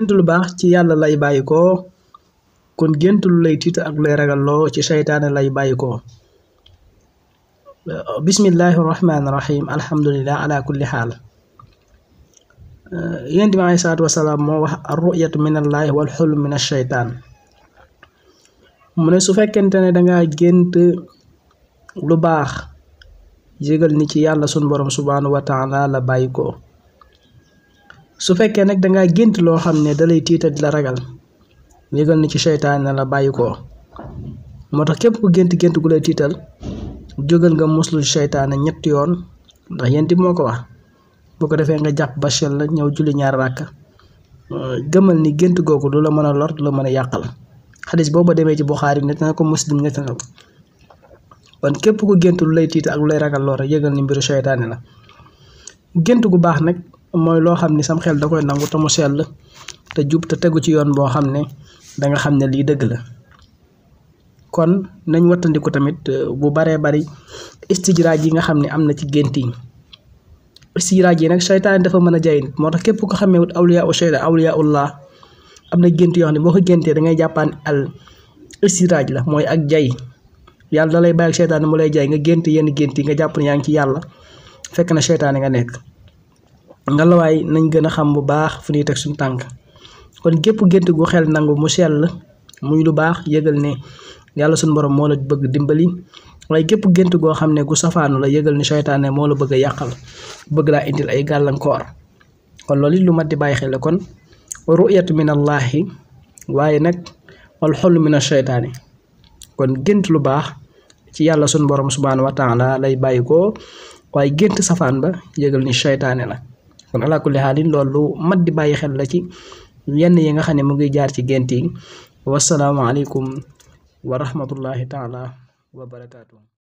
gént lu baax ci yàlla lay bàyyi kon gént lu lay tiit ak lay ragalloo ci seytaane lay bàyyikoo koo bismillahi rahmaani rahim alhamdulilah ala kulli xaal eh, yonent moo wax arruyatu min allaahi wal xulm min asheytaan mu ne su fekkente ne dangaa gént lu baax yëgal ni ci yàlla sun borom subhaanahu wa taala la bàyyi su fekkee nag dangaa gént loo xam ne dalay tiita di la ragal yëgal na ci seytaane na la bàyyi ko moo tax képp ku gént gént gu lay tiital jógal nga muslu seytaane ñett yoon ndax yéen moo ko wax ko defee nga jàpp bachel la ñëw julli ñaar ràkk gëmal ni gént googu du la mën a lor du mën a yàqal xadis boobu demee ci Buxaari net na ko muslim net na ko kon képp ku gént lu lay tiital ak lu lay ragal lor yëgal ni mbiru seytaane la gént gu baax nag mooy loo xam ni sam xel da koy nangu te mu sell te jub te tegu ci yoon boo xam ne danga xam ne lii dëgg la kon nañ wattandiku tamit euh, bu baree bari istijraaj yi nga xam ne am na ci gént yi istijraaj yi nag seytaane dafa mën a jaay moo tax képp ko xamee wut awliyaa u sheyda awliyaa ullah yoo xam ne boo ko géntee da ngay jàppaan al istijraaj la mooy ak jay yàlla da lay bàyyi ak seytaane mu lay jaay nga gént yenn gént yi nga jàpp ne yaa ngi ci yàlla fekk na seytaane nga nekk ngalawaay nañ gën a xam bu baax fu ñuy teg suñu tànk kon gépp gént gu xel nangu mu sell muy lu baax yëgal ne yàlla suñu borom moo la bëgg dimbali waaye gépp gént goo xam ne gu safaanu la yëgal ne seytaane moo la bëgg yàqal bëgg laa indil ay gàllankoor kon loolu lu mat di bàyyi xel kon ru'yatu min allahi waaye nag wal xol min seytaani kon gént lu baax ci yàlla suñu borom subhaanahu wa taala lay bàyyi ko waaye gént safaan ba yëgal ni seytaane la kon ala kulli xaalin loolu mat di bàyyi xel la ci yenn yi nga xam ne mu ngi jaar ci gént yi wasalaamaaleykum wa rahmatullahi taala wa